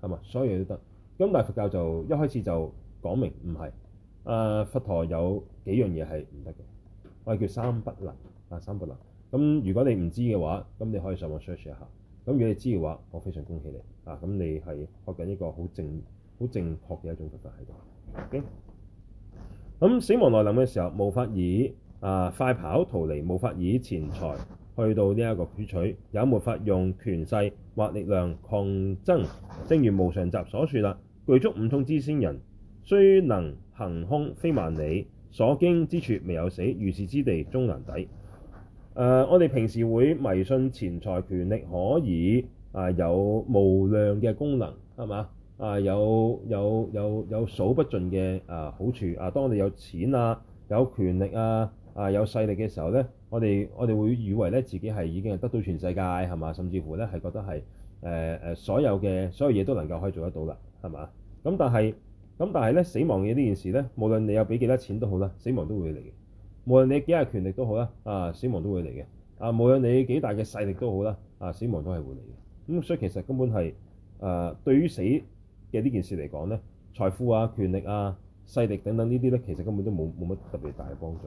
係嘛？所有嘢都得。咁但係佛教就一開始就講明唔係。誒、呃，佛陀有幾樣嘢係唔得嘅，我哋、啊、叫三不能啊，三不能。咁如果你唔知嘅話，咁你可以上網 search 一下。咁如果你知嘅話，我非常恭喜你啊！咁你係學緊一個好正、好正確嘅一種佛法喺度。咁、okay? 死亡來臨嘅時候，無法以誒、啊、快跑逃離，無法以錢財。去到呢一個取取，也沒法用權勢或力量抗爭。正如《無常集》所說啦，具足五通之仙人，雖能行空飛萬里，所經之處未有死，如是之地終難抵。誒、呃，我哋平時會迷信錢財、權力可以啊、呃、有無量嘅功能，係嘛？啊、呃、有有有有數不盡嘅啊、呃、好處啊、呃！當我哋有錢啊、有權力啊、啊、呃、有勢力嘅時候咧。我哋我哋會以為咧自己係已經係得到全世界係嘛，甚至乎咧係覺得係誒誒所有嘅所有嘢都能夠可以做得到啦，係嘛？咁但係咁但係咧死亡嘅呢件事咧，無論你有俾幾多錢都好啦，死亡都會嚟嘅；無論你幾大權力都好啦，啊死亡都會嚟嘅；啊無論你幾大嘅勢力都好啦，啊死亡都係會嚟嘅。咁所以其實根本係誒、啊、對於死嘅呢件事嚟講咧，財富啊、權力啊、勢力等等呢啲咧，其實根本都冇冇乜特別大嘅幫助，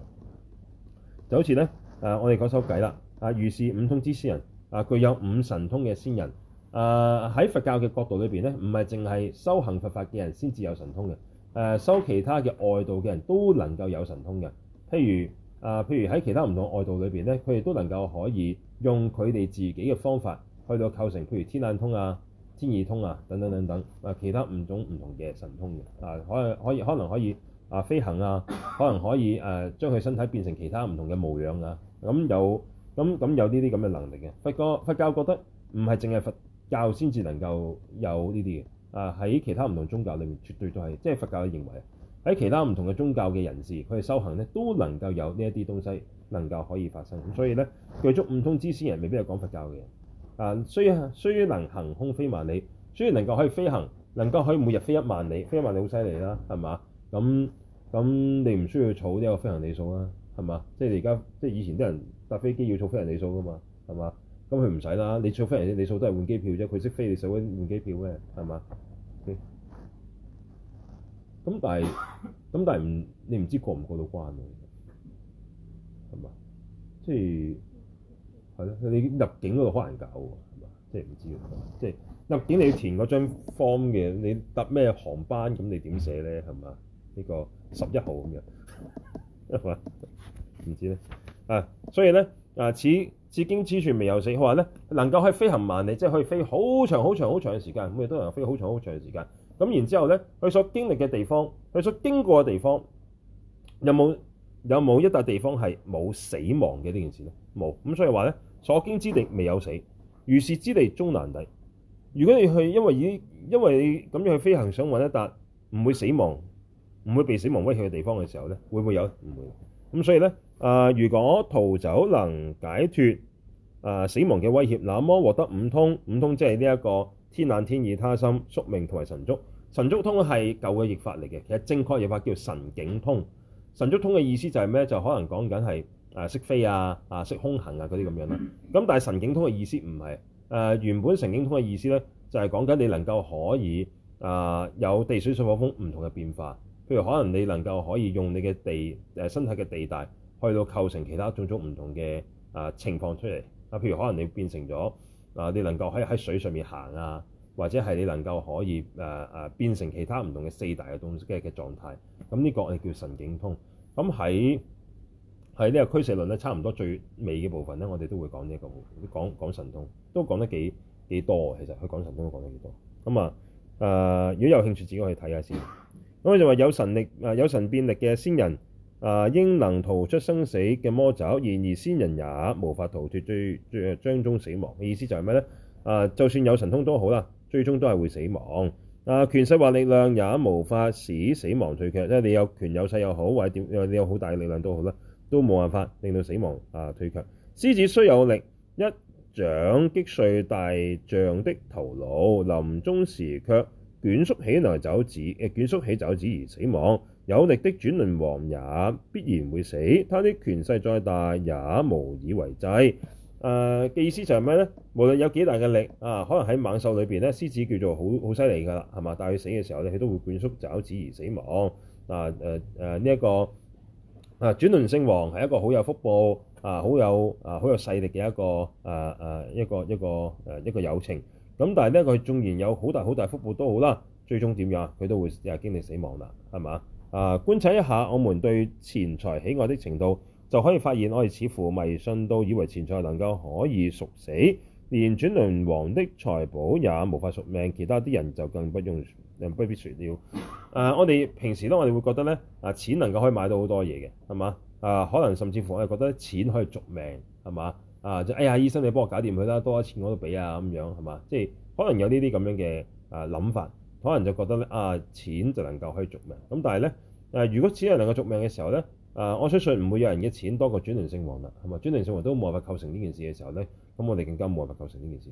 就好似咧。誒、啊，我哋講首偈啦。啊，如是五通之仙人，啊，具有五神通嘅仙人。誒、啊，喺佛教嘅角度裏邊咧，唔係淨係修行佛法嘅人先至有神通嘅。誒、啊，修其他嘅外道嘅人都能夠有神通嘅。譬如，誒、啊，譬如喺其他唔同外道裏邊咧，佢哋都能夠可以用佢哋自己嘅方法去到構成，譬如天眼通啊、天耳通啊等等等等啊，其他五種唔同嘅神通嘅。啊，可以可以可能可以啊，飛行啊，可能可以誒，將、啊、佢身體變成其他唔同嘅模樣啊。咁有咁咁有呢啲咁嘅能力嘅，佛教佛教覺得唔係淨係佛教先至能夠有呢啲嘅，啊，喺其他唔同宗教裏面絕對都係，即係佛教認為啊，喺其他唔同嘅宗教嘅人士佢哋修行咧都能夠有呢一啲東西能夠可以發生。所以咧，具足五通之仙人未必係講佛教嘅人。啊，雖雖能行空飛萬里，雖然能夠可以飛行，能夠可以每日飛一萬里。飛一萬里好犀利啦，係嘛？咁咁你唔需要儲呢個飛行里數啦。係嘛？即係你而家，即係以前啲人搭飛機要坐飛行里數㗎嘛？係嘛？咁佢唔使啦。你坐飛行里數都係換機票啫。佢識飛，你使鬼換機票咩？係嘛？咁、okay. 但係咁但係唔，你唔知過唔過到關喎？係嘛？即係係咯。你入境嗰度好難搞㗎喎，係嘛？即係唔知喎，即係入境你要填嗰張 form 嘅，你搭咩航班咁你點寫咧？係嘛？呢、這個十一號咁樣，係嘛？ 唔知咧，啊，所以咧，啊，此此經此處未有死。佢話咧，能夠去飛行萬里，即係可以飛好長好長好長嘅時間，咁亦都能飛好長好長嘅時間。咁然之後咧，佢所經歷嘅地方，佢所經過嘅地方，有冇有冇一笪地方係冇死亡嘅呢件事咧？冇。咁所以話咧，所經之地未有死，如是之地終難抵。如果你去，因為已因為咁樣去飛行，想揾一笪唔會死亡、唔會被死亡威脅嘅地方嘅時候咧，會唔會有？唔會。咁所以咧，啊、呃，如果逃走能解脫啊、呃、死亡嘅威脅，那麼獲得五通，五通即係呢一個天眼、天耳、他心、宿命同埋神足。神足通係舊嘅譯法嚟嘅，其實正確譯法叫神境通。神足通嘅意思就係咩？就可能講緊係啊識飛啊啊識空行啊嗰啲咁樣啦。咁但係神境通嘅意思唔係，誒、呃、原本神境通嘅意思咧就係講緊你能夠可以啊、呃、有地水水水火風唔同嘅變化。.譬如可能你能夠可以用你嘅地誒、呃、身體嘅地帶去到構成其他種種唔同嘅啊、呃、情況出嚟啊。譬如可能你變成咗啊、呃，你能夠喺喺水上面行啊，或者係你能夠可以誒誒、呃呃、變成其他唔同嘅四大嘅動作嘅嘅狀態。咁、嗯、呢、這個我哋叫神境通。咁喺喺呢個俱舍論咧，差唔多最尾嘅部分咧，我哋都會講呢一個部分，講神通都講得幾幾多，其實佢講神通都講得幾多咁啊誒。如果有興趣，自己去睇下先看看。咁佢就話有神力啊，有神變力嘅仙人啊，應能逃出生死嘅魔爪。然而仙人也無法逃脫最最最，最終死亡嘅意思就係咩咧？啊，就算有神通都好啦，最終都係會死亡。啊，權勢或力量也無法使死亡退卻，即係你有權有勢又好，或者點，或者你有好大嘅力量都好啦，都冇辦法令到死亡啊退卻。獅子雖有力，一掌擊碎大象的頭腦，臨終時卻，捲縮起來爪子，誒捲縮起爪子而死亡。有力的轉輪王也必然會死，他的權勢再大也無以為繼。誒、呃、嘅、這個、意思就係咩呢？無論有幾大嘅力啊、呃，可能喺猛獸裏邊咧，獅子叫做好好犀利噶啦，係嘛？但係佢死嘅時候咧，佢都會捲縮爪子而死亡。啊，誒誒呢一個啊轉輪聖王係一個好有福報啊，好、呃、有啊好、呃、有勢力嘅一個啊啊、呃呃、一個一個誒一,一,一個友情。咁但係咧，佢縱然有好大好大福報都好啦，最終點樣佢都會又經歷死亡啦，係嘛？啊、呃，觀察一下我們對錢財喜愛的程度，就可以發現我哋似乎迷信到以為錢財能夠可以贖死，連轉輪王的財寶也無法贖命，其他啲人就更不用，不必説了。誒、呃，我哋平時咧，我哋會覺得咧，啊，錢能夠可以買到好多嘢嘅，係嘛？啊、呃，可能甚至乎我哋覺得錢可以續命，係嘛？啊！就哎呀，醫生你幫我搞掂佢啦，多一錢我都俾啊咁樣，係嘛？即係可能有呢啲咁樣嘅啊諗法，可能就覺得啊錢就能夠可以續命。咁但係咧，誒、啊、如果錢能夠續命嘅時候咧，誒、啊、我相信唔會有人嘅錢多過轉輪聖王啦，係嘛？轉輪聖王都冇辦法構成呢件事嘅時候咧，咁我哋更加冇辦法構成呢件事。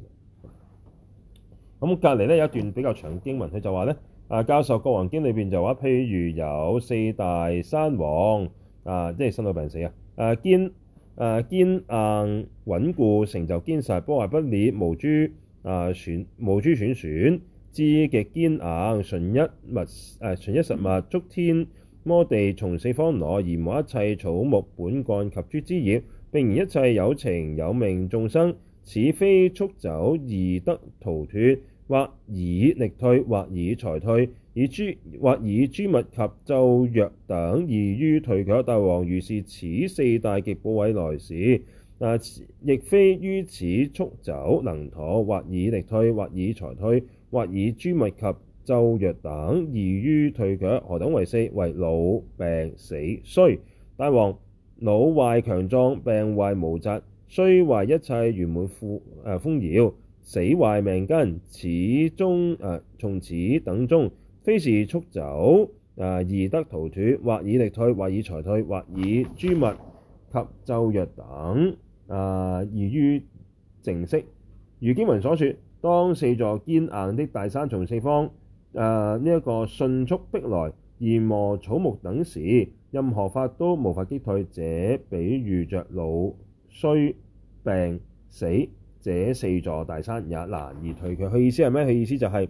咁隔離咧有一段比較長經文，佢就話咧，誒、啊、教授《國王經》裏邊就話，譬如有四大山王啊，即係生老病死啊，誒堅誒、啊、堅硬穩固，成就堅實，不壞不裂，無諸誒損，無諸隕損，至極堅硬，純一物誒純、啊、一實密，觸天磨地，從四方來，研磨一切草木本幹及諸枝葉，並研一切有情有命眾生，此非速走易得逃脫，或以力退，或以財退。以諸或以諸物及咒藥等，易於退卻。大王，如是，此四大極怖畏來時，啊，亦非於此速走能逃，或以力退，或以財退，或以諸物及咒藥等易於退卻。大王，如是，此四大極怖畏來時，亦非於此速走能逃，或以力退，或以財退，或以諸物及咒藥等易於退卻。何等為四？謂老、病、死、衰。大王，老壞強壯，病壞無疾，衰壞一切圓滿富誒、呃、豐饒，死壞命根，始終誒、呃、從此等中。非時速走，誒易得逃脫，或以力退，或以財退，或以諸物及咒藥等，誒、啊、易於靜息。如經文所說，當四座堅硬的大山從四方，誒呢一個迅速逼來而磨草木等時，任何法都無法擊退，這比喻着老、衰、病、死這四座大山也難以退卻。佢意思係咩？佢意思就係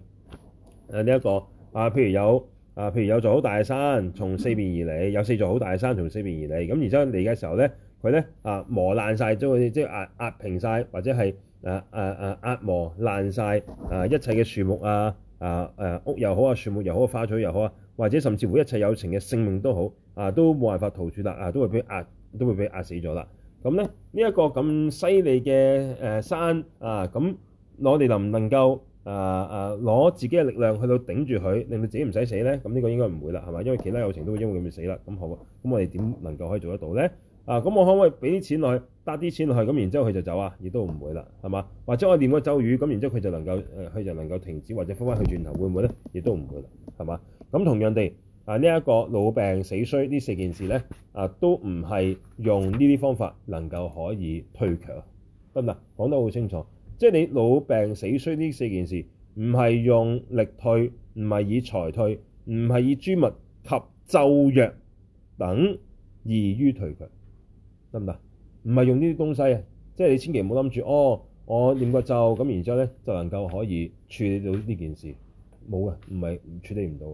誒呢一個。啊，譬如有啊，譬如有座好大嘅山，從四面而嚟，有四座好大嘅山從四面而嚟。咁然之後嚟嘅時候咧，佢咧啊磨爛晒，咗嗰即係壓壓平晒，或者係啊啊啊壓磨爛晒，啊，啊，啊，啊一切嘅樹木啊啊誒、啊、屋又好啊樹木又好花草又好啊，或者甚至乎一切有情嘅性命好、啊、都好啊都冇辦法逃住啦啊都會被壓都會被壓死咗啦。咁、啊、咧呢一個咁犀利嘅誒山啊，咁、啊啊、我哋能唔能夠？啊啊！攞自己嘅力量去到頂住佢，令到自己唔使死咧，咁呢個應該唔會啦，係嘛？因為其他有情都會因為咁樣死啦，咁好。咁我哋點能夠可以做得到咧？啊，咁我可唔可以俾啲錢落去，搭啲錢落去，咁然之後佢就走啊？亦都唔會啦，係嘛？或者我念個咒語，咁然之後佢就能夠，誒、呃，佢就能夠停止或者翻返去轉頭會會，會唔會咧？亦都唔會啦，係嘛？咁同樣地，啊，呢、這、一個老病死衰呢四件事咧，啊，都唔係用呢啲方法能夠可以推卻，得唔得？講得好清楚。即係你老病死衰呢四件事，唔係用力退，唔係以財退，唔係以諸物及咒藥等易於退卻，得唔得？唔係用呢啲東西啊！即係你千祈唔好諗住，哦，我念個咒咁，然之後呢，就能夠可以處理到呢件事，冇嘅，唔係處理唔到。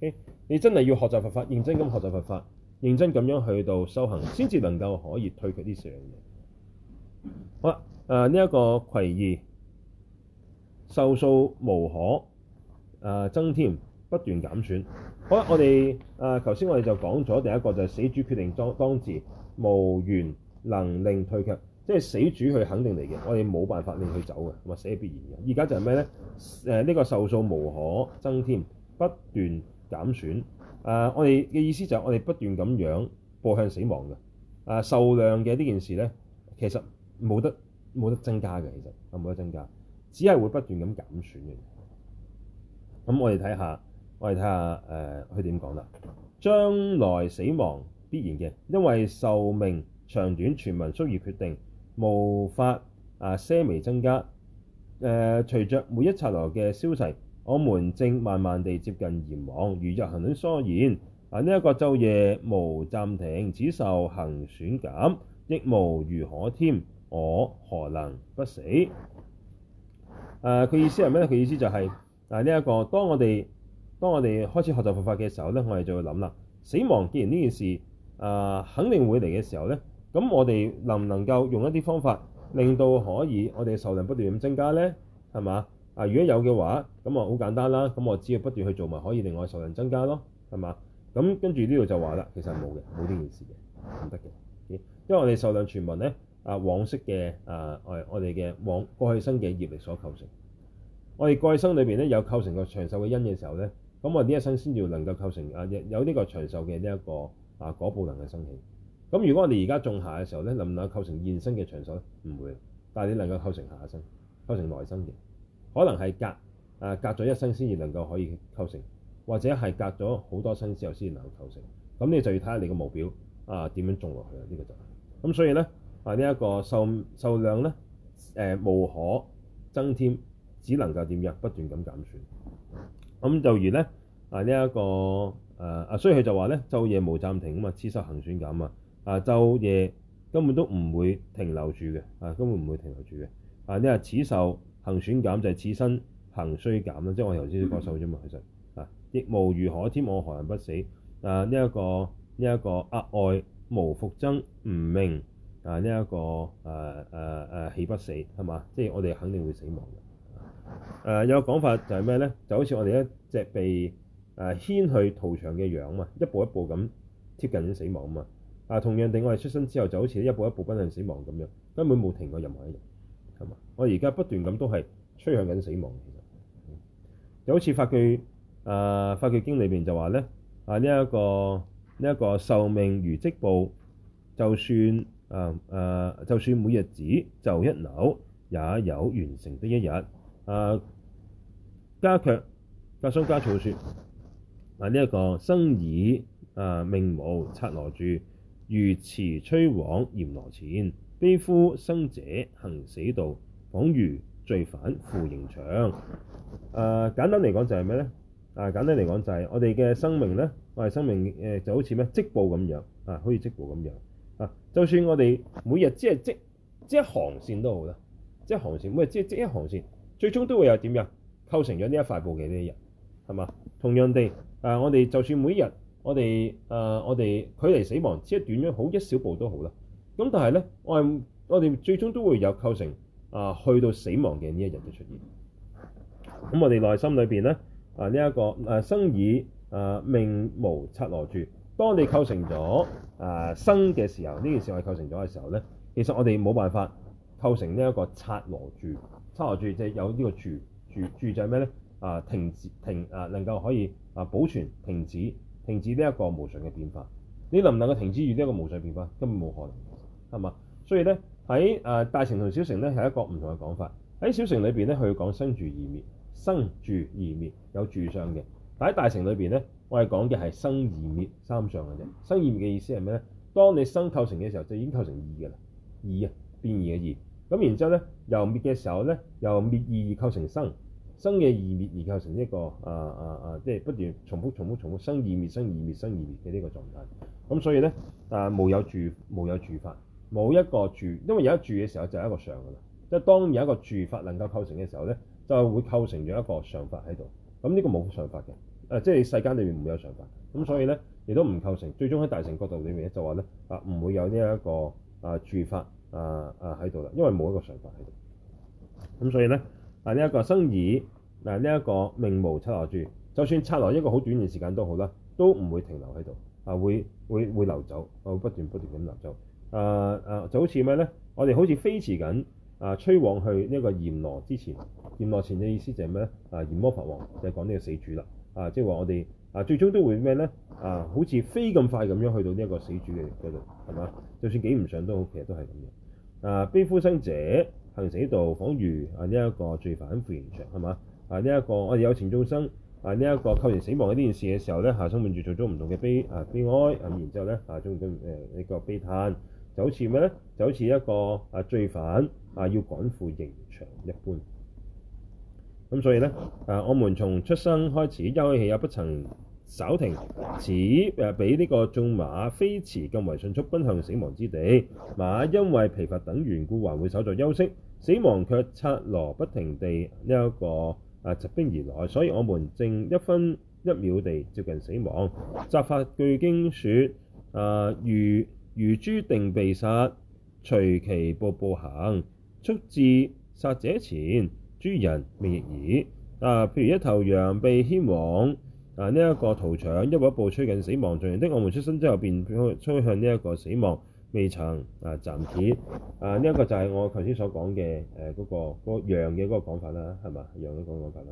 Okay? 你真係要學習佛法，認真咁學習佛法，認真咁樣去到修行，先至能夠可以退卻呢四樣嘢。好啦。誒呢一個攜疑、受數無可誒、呃、增添，不斷減損。好啦，我哋誒頭先我哋就講咗第一個就係死主決定當至，無緣能令退卻，即係死主佢肯定嚟嘅。我哋冇辦法令佢走嘅，話死必然嘅。而家就係咩咧？誒、呃、呢、這個受數無可增添，不斷減損。誒、呃、我哋嘅意思就係我哋不斷咁樣步向死亡嘅誒、呃、受量嘅呢件事咧，其實冇得。冇得增加嘅，其實啊冇得增加，只係會不斷咁減損嘅。咁我哋睇下，我哋睇下誒佢點講啦。將來死亡必然嘅，因為壽命長短全憑宿業決定，無法啊些微增加。誒、呃，隨着每一剎那嘅消逝，我們正慢慢地接近閻王，如入行論疏遠。啊，呢、這、一個晝夜無暫停，此壽恆損減，亦無餘可添。我何能不死？誒、呃，佢意思係咩咧？佢意思就係誒呢一個。當我哋當我哋開始學習佛法嘅時候咧，我哋就會諗啦。死亡既然呢件事誒、呃、肯定會嚟嘅時候咧，咁我哋能唔能夠用一啲方法令到可以我哋嘅壽量不斷咁增加咧？係嘛？啊、呃，如果有嘅話，咁啊好簡單啦。咁我只要不斷去做，咪可以令我嘅壽量增加咯，係嘛？咁跟住呢度就話啦，其實冇嘅，冇呢件事嘅，唔得嘅，因為我哋壽量全無咧。啊，往昔嘅啊，我我哋嘅往過去生嘅業力所構成。我哋過去生裏邊咧，有構成個長壽嘅因嘅時候咧，咁我呢一生先要能夠構成啊，有呢個長壽嘅呢一個啊果報能嘅生起。咁如果我哋而家種下嘅時候咧，能唔能夠構成現生嘅長壽咧？唔會。但係你能夠構成下一生，構成內生嘅，可能係隔啊隔咗一生先至能夠可以構成，或者係隔咗好多生之後先至能夠構成。咁你就要睇下你個目標啊點樣種落去啦。呢個就係咁，所以咧。啊！這個、壽壽呢一個壽壽量咧，誒、呃、無可增添，只能夠點樣不斷咁減損。咁、嗯、就而咧啊，呢一個誒啊，所以佢就話咧，晝夜無暫停啊嘛，此壽恆損減啊，晝、啊、夜根本都唔會停留住嘅啊，根本唔會停留住嘅啊。呢個此壽恆損減就係、是、此身行衰減啦、啊，即係我頭先講受啫嘛。其實啊，亦無餘可添，我何能不死啊？呢、這、一個呢一、這個壓外、這個、無復增，唔明。啊！呢一個誒誒誒，起、啊、不死係嘛？即係、就是、我哋肯定會死亡嘅。誒、啊、有個講法就係咩咧？就好似我哋一隻被誒牽、啊、去屠場嘅羊嘛，一步一步咁接近死亡啊嘛。啊，同樣地，我哋出生之後就好似一步一步奔向死亡咁樣，根本冇停過任何一日係嘛？我而家不斷咁都係趨向緊死亡。其、嗯、實就好似法句誒法句經裏邊就話咧啊！呢一、啊啊這個呢一、這個壽、這個、命如織布，就算。誒誒、啊啊，就算每日只就一扭，也有完成的一日。誒、啊，嘉卻格桑嘉措說。啊，呢、這、一個生己誒、啊、命無，剎那住如馳趨往閻羅前，悲夫生者行死道，恍如罪犯赴刑場。誒、啊，簡單嚟講就係咩咧？誒、啊，簡單嚟講就係我哋嘅生命咧。我哋生命誒就好似咩織布咁樣啊，好似織布咁樣。啊！就算我哋每日即係即積一行線都好啦，即一行線，每日即係即一行線，最終都會有點樣構成咗呢一塊布嘅呢一日，係嘛？同樣地，誒、啊、我哋就算每日我哋誒、啊、我哋距離死亡只係短咗好一小步都好啦。咁但係咧，我係我哋最終都會有構成啊，去到死亡嘅呢一日嘅出現。咁我哋內心裏邊咧，啊呢一、這個誒、啊、生己誒、啊、命無剎那住。當你哋構成咗誒、呃、生嘅時候，呢件事我係構成咗嘅時候呢，其實我哋冇辦法構成呢一個剎那住，剎那住就係有呢個住住住就係咩呢？啊、呃，停止停啊、呃，能夠可以啊保存停止停止呢一個無常嘅變化。你能唔能夠停止住呢一個無常變化，根本冇可能，係嘛？所以呢，喺誒、呃、大城同小城呢，係一個唔同嘅講法。喺小城裏邊呢，佢講生住而滅，生住而滅有住相嘅；但喺大城裏邊呢。我係講嘅係生異滅三相嘅啫。生異滅嘅意思係咩咧？當你生構成嘅時候，就已經構成異嘅啦。異啊，變異嘅異。咁然之後咧，由滅嘅時候咧，由滅異而構成生。生嘅異滅而構成一個啊啊啊，即、啊、係、啊就是、不斷重複、重複、重複生異滅、生異滅、生異滅嘅呢個狀態。咁所以咧，啊無有住、無有住法，冇一個住，因為有一住嘅時候就係一個常嘅啦。即係當有一個住法能夠構成嘅時候咧，就會構成咗一個常法喺度。咁呢個冇常法嘅。誒，即係世間裏面唔有常法，咁所以咧亦都唔構成最終。喺大乘角度裏面咧，就話咧啊，唔會有呢、這、一個啊住法啊啊喺度啦，因為冇一個常法喺度。咁所以咧啊，呢、這、一個生己，啊，呢、這、一個命無剎那住，就算剎那一個好短嘅時間都好啦，都唔會停留喺度啊，會會會流走，啊會不斷不斷咁流走啊啊，就好似咩咧？我哋好似飛馳緊啊，趨往去呢個閻羅之前，閻羅前嘅意思就係咩咧？啊，閻魔法王就係講呢個死主啦。啊，即係話我哋啊，最終都會咩咧？啊，好似飛咁快咁樣去到呢一個死主嘅嗰度，係嘛？就算幾唔上都好，其實都係咁樣。啊，悲夫生者行死道，仿如啊呢一個罪犯赴刑場，係嘛？啊呢一個我哋有情眾生啊呢一個構然死亡嘅呢件事嘅時候咧，下生命住做咗唔同嘅悲啊悲哀，咁、啊、然之後咧啊中意呢、呃這個悲嘆，就好似咩咧？就好似一個啊罪犯啊要趕赴刑場一般。咁所以咧，誒、啊，我們從出生開始，休息也不曾稍停，此誒比呢個縱馬飛馳更為迅速，奔向死亡之地。馬因為疲乏等緣故，還會稍作休息，死亡卻剎那不停地呢一、這個誒集、啊、兵而來。所以我們正一分一秒地接近死亡。法據經說《集法句經》說：誒如如諸定被殺，隨其步步行，速至殺者前，主人未易耳。啊，譬如一頭羊被牽往啊呢一、這個屠場，一步一步趨近死亡。同樣的，我們出生之後便向趨向呢一個死亡，未曾啊停止。啊，呢一、啊這個就係我頭先所講嘅誒嗰個羊個羊嘅嗰個講法啦，係嘛羊嘅嗰個講法啦。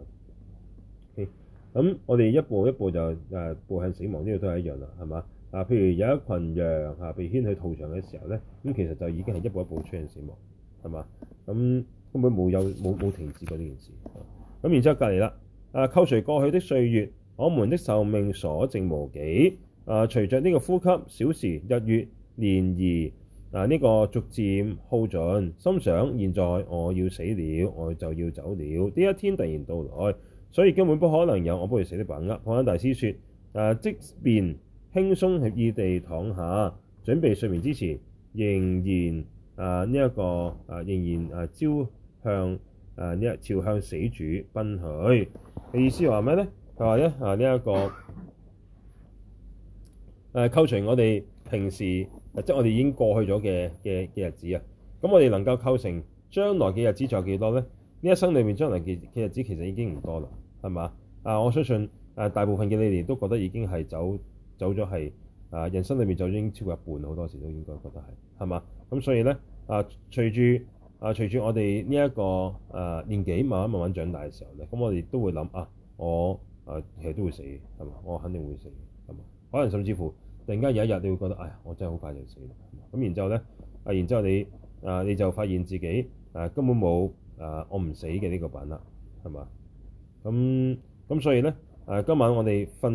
咁、嗯、我哋一步一步就啊步向死亡，呢個都係一樣啦，係嘛啊？譬如有一群羊啊，被牽去屠場嘅時候咧，咁、嗯、其實就已經係一步一步趨近死亡，係嘛咁。嗯根本冇有冇冇停止過呢件事。咁、嗯、然之後隔離啦。啊，扣除過去的歲月，我們的壽命所剩無幾。啊，隨着呢個呼吸，小時、日月、年而嗱呢個逐漸耗盡。心想現在我要死了，我就要走了。呢一天突然到來，所以根本不可能有我不會死的把握。破庵大師說：啊，即便輕鬆愜意地躺下，準備睡眠之前，仍然啊呢一、這個啊仍然啊招。朝向啊呢一朝向死主奔去，嘅意思話咩咧？佢話咧啊呢一個這個誒扣除我哋平時，啊、即係我哋已經過去咗嘅嘅嘅日子啊，咁我哋能夠構成將來嘅日子仲有幾多咧？呢一生裏面將來嘅嘅日子其實已經唔多啦，係嘛？啊，我相信啊大部分嘅你哋都覺得已經係走走咗係啊人生裏面就已經超過一半，好多時都應該覺得係，係嘛？咁所以咧啊隨住。啊！隨住我哋呢一個誒年紀慢慢慢慢長大嘅時候咧，咁我哋都會諗啊，我誒、啊、其實都會死嘅，係嘛？我肯定會死嘅，係嘛？可能甚至乎突然間有一日，你會覺得，哎呀，我真係好快就死啦。咁然之後咧，啊，然之後你誒、啊、你就發現自己誒、啊、根本冇誒、啊、我唔死嘅呢個品啦，係嘛？咁咁所以咧誒、啊，今晚我哋瞓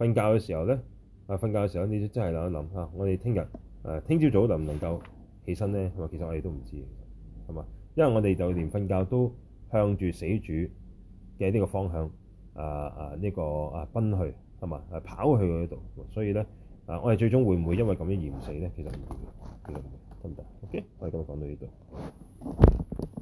瞓覺嘅時候咧，啊瞓覺嘅時候，你真係諗一諗嚇、啊，我哋聽日誒聽朝早能唔能夠起身咧？咁其實我哋都唔知係嘛？因為我哋就連瞓覺都向住死主嘅呢個方向、呃、啊、這個、啊呢個啊奔去，係嘛，啊跑去嗰度，所以咧啊，我哋最終會唔會因為咁樣而唔死咧？其實唔會，其實唔會。得唔得？OK，okay? 我哋今日講到呢度。